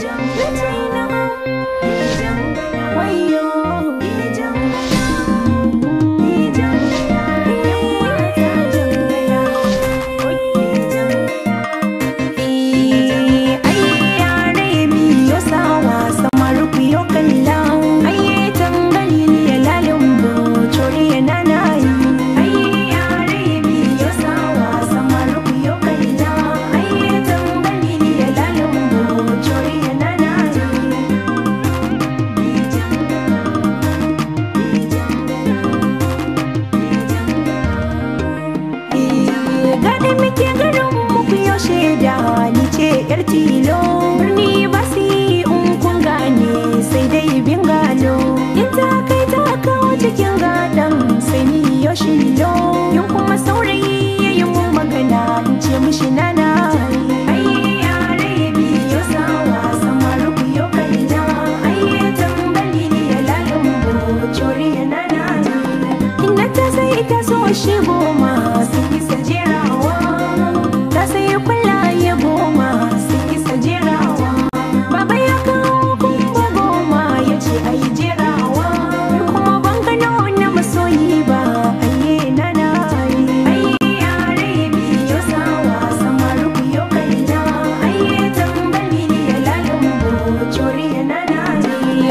就。estilo.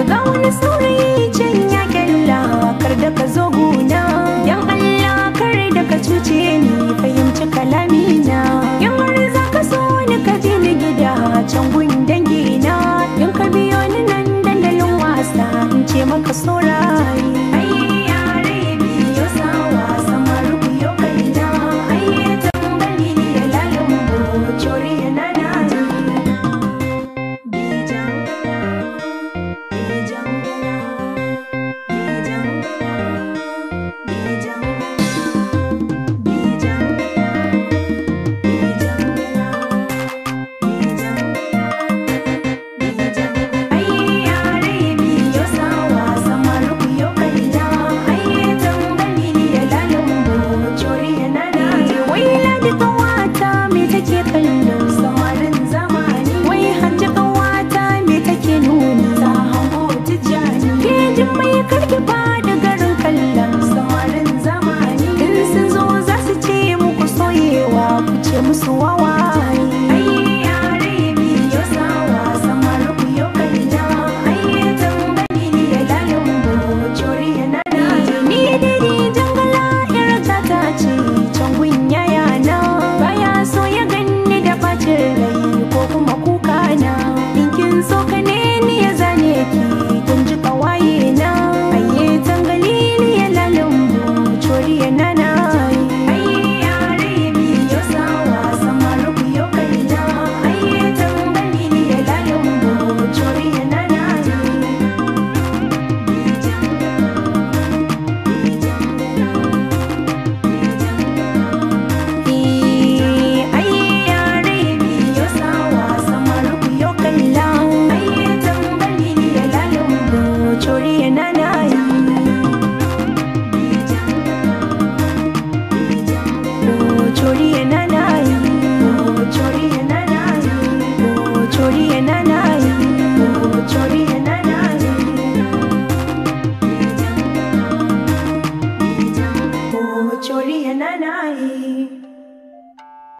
ga wani saurayi can ya kalla kar da ka zo guna dan Allah kar da ka cuce ni fahimci kalami na yamar za ka so ni ka je ni gida can gun dangi na in ka biyo ni nan dandalin wasa in ce maka saura suwawa